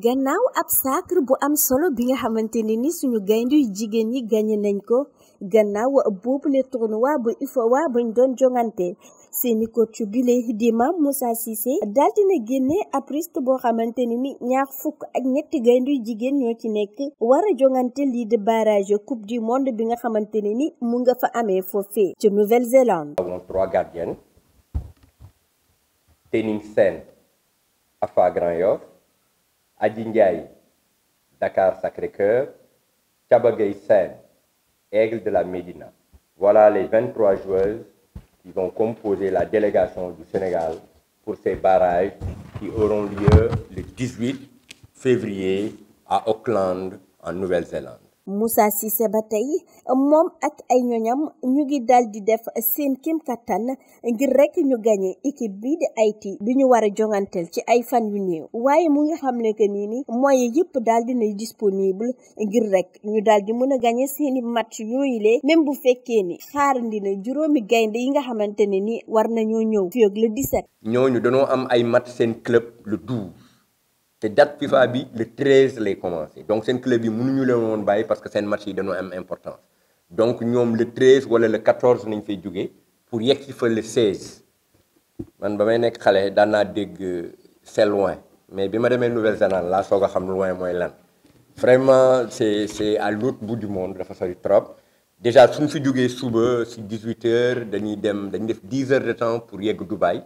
gannaaw ab sacre bu am solo bi nga xamante ni suñu gaynde yu jigéen ñi gagné nañ ko gannaaw boobule tournoi bu UFOA bañ doon jongante seeni coach bi la di Mame Moussa Cissé daal dina génne ab liste boo xamante ne ni ñaar fukk ak ñetti gaynde yu jigéen ñoo ci nekk wara a jongante lii de barrage coupe du monde bi nga xamante ni mu nga fa amee foofee ci Nouvelle-Zélande. Nous avons trois Grand Yoff Adingay, Dakar Sacré-Cœur, Kabagay Sen, Aigle de la Médina. Voilà les 23 joueuses qui vont composer la délégation du Sénégal pour ces barrages qui auront lieu le 18 février à Auckland, en Nouvelle-Zélande. Moussa Cissé ba tey moom ak ay ñoñam ñu ngi daal di def seen kéem kattan ngir rek ñu gagné équipe bi di Haïti bi ñu war a jonganteel ci ay fan yu néew waaye mu ngi xam ne que nii ni moyens yëpp daal di nay disponible ngir rek ñu daal di mën a gagné seen i match yooyu lee même bu fekkee ni xaar na juróomi gaynde yi nga xamante ne ni war nañoo ñëw fii ak le 17. ñooñu dañoo am ay match seen club le 12. la date FIFA bi le 13 a commencé donc seen club yi a leen woon parce que un match yi important. am importance donc le 13 ou le 14 nañ fay jógee pour y ci le 16 man ba may euh, c'est loin mais suis ma à Nouvelle-Zélande là je suis loin vraiment c'est à l'autre bout du monde dafa sori trop déjà nous fi jógee suba si 18 heures dañuy dem fait 10 heures de temps pour y yegg Dubaï.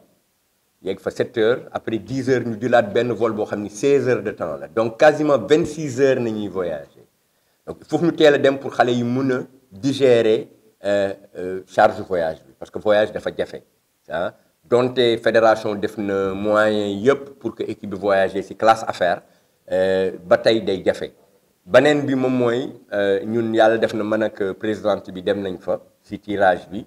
Il y a 7 heures après 10 heures nous avons benn vol 16 heures de temps donc quasiment 26 heures nous avons voyagé. donc il faut que nous a dem pour que yi mun digérer digérer euh, euh, charge voyage parce que voyage le faire. Donc les fédération ont na moyen moyens pour que l'équipe voyage, c'est classe affaire euh, ba tey day jafe beneen bi moom mooy ñun yalla def na mën ak présidente bi dem nañ fa tirage bi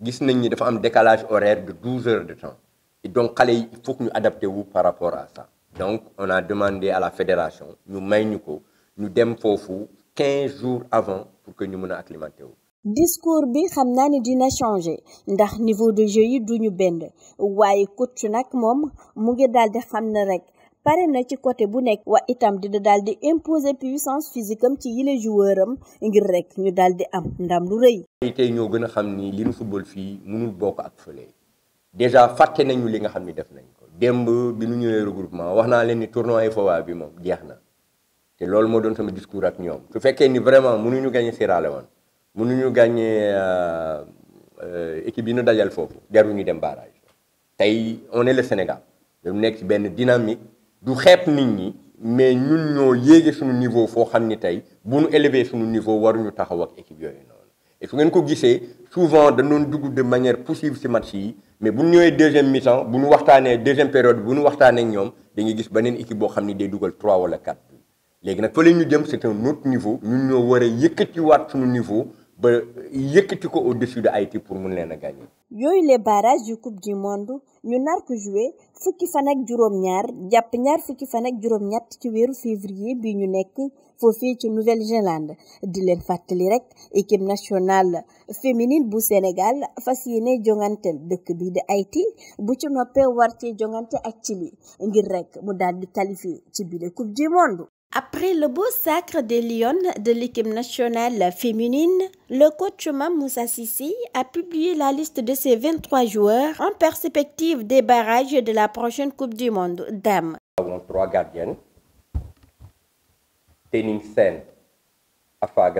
gis nañ ni am décalage horaire de 12 heures de temps. Et donc, il faut que nous adaptions par rapport à ça. Donc, on a demandé à la fédération, nous maïnuko, nous dem fofu 15 jours avant pour que nous nous acclimater. discours bi xamna naa ni dina changer ndax niveau de jeu yi duñu benn waye coach nak mom mu ngi daldi xamna rek paré na ci côté bu nek wa itam dina daldi imposer puissance physique am ci yile joueur am ngir rek ñu daldi am ndam lu rëy. tay ñoo gëna a xam ni li nu football fi mënul bok ak fële déjà faté nañu li nga xamni def nañ ko démb bi nu ñëwee regroupement waxna naa leen ni tournoi UFOA bi mom jeexna té lool mo doon sama discours ak ñom su féké ni vraiment mënu mënuñu gagné Sierra Leone gagner euh équipe yi ñu dajal fofu jarul ñu dem barrage tay on est le Sénégal dañu nekk ci ben dynamique du xép nit ñi mais ñun ñoo yégué suñu niveau fo xamni tay tey bu ñu élevé suñu niveau waru ñu taxaw ak équipe yooyu et vous souvent de manière poussive ces match mais vous nous avez deuxième mi-temps bu deuxième période bu vous avez deuxième période, vous équipe 3 4 c'est un autre niveau ñun ñoo que a niveau. ba yëkkati ko au-dessus de Haïti pour mun leen a yooyu les barrages yu coupe du monde ñu nar ko joué fukki fan ak juróom-ñaar jàpp ñaar fukki fan ak juróom-ñett ci weeru février bi ñu nekk foofii ci Nouvelle-Zélande di leen fàttali rek équipe nationale féminine bu Sénégal fas yéene jongante dëkk bi di Haïti bu ci noppee war cee jongante ak Chili ngir rek mu daal di qualifié ci biir coupe du monde. Après le beau sacre des Lyon de l'équipe nationale féminine, le coach Mamoussa Sissi a publié la liste de ses 23 joueurs en perspective des barrages de la prochaine Coupe du Monde dames. Nous trois gardiennes. Sen, Afa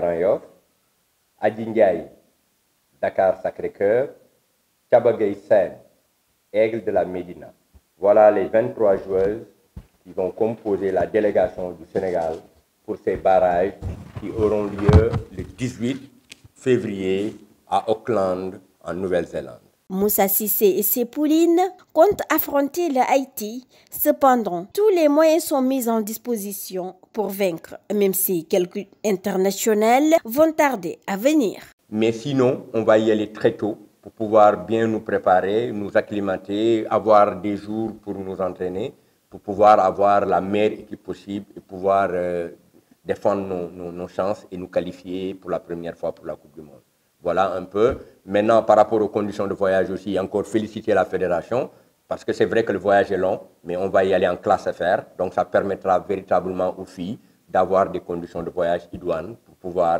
Dakar Sacré-Cœur, Sen, Aigle de la Médina. Voilà les 23 joueuses ils vont composer la délégation du Sénégal pour ces barrages qui auront lieu le 18 février à Auckland, en Nouvelle-Zélande. Moussa Sissé et ses poulines comptent affronter le Haïti. Cependant, tous les moyens sont mis en disposition pour vaincre, même si quelques internationaux vont tarder à venir. Mais sinon, on va y aller très tôt pour pouvoir bien nous préparer, nous acclimater, avoir des jours pour nous entraîner pour pouvoir avoir la meilleure équipe possible et pouvoir euh, défendre nos, chances et nous qualifier pour la première fois pour la Coupe du Monde. Voilà un peu. Maintenant, par rapport aux conditions de voyage aussi, encore féliciter la fédération, parce que c'est vrai que le voyage est long, mais on va y aller en classe à faire. donc ça permettra véritablement aux filles d'avoir des conditions de voyage idoines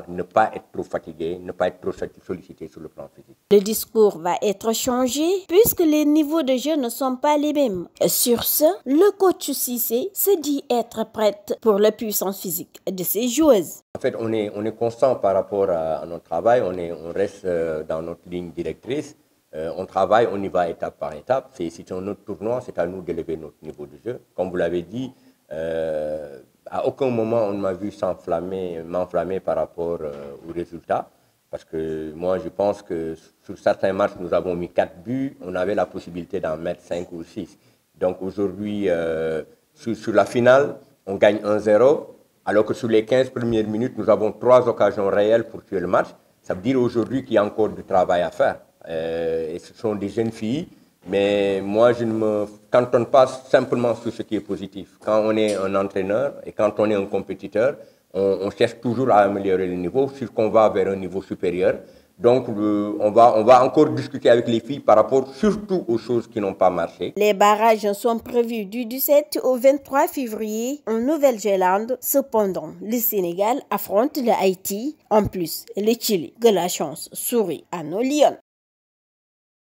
ne pas être trop fatigué, ne pas être trop sollicité sur le plan physique. Le discours va être changé puisque les niveaux de jeu ne sont pas les mêmes. Sur ce, le coach Cissé se dit être prête pour la puissance physique de ses joueuses. En fait, on est, on est constant par rapport à, notre travail, on, est, on reste euh, dans notre ligne directrice. Euh, on travaille, on y va étape par étape. C'est un autre tournoi, c'est à nous d'élever notre niveau de jeu. Comme vous l'avez dit, euh, à aucun moment on ne m'a vu s'enflammer, m'enflammer par rapport euh, au résultat, Parce que moi, je pense que sur certains matchs, nous avons mis 4 buts, on avait la possibilité d'en mettre 5 ou 6. Donc aujourd'hui, euh, sur, la finale, on gagne 1-0, alors que sur les 15 premières minutes, nous avons 3 occasions réelles pour tuer le match. Ça veut dire aujourd'hui qu'il y a encore du travail à faire. Euh, et ce sont des jeunes filles mais moi, je ne me cantonne pas simplement sur ce qui est positif. Quand on est un entraîneur et quand on est un compétiteur, on, cherche toujours à améliorer le niveau, qu'on va vers un niveau supérieur. Donc, on, va, on va encore discuter avec les filles par rapport surtout aux choses qui n'ont pas marché. Les barrages sont prévus du 17 au 23 février en Nouvelle-Zélande. Cependant, le Sénégal affronte le Haïti. En plus, le Chili, que la chance sourit à nos lions.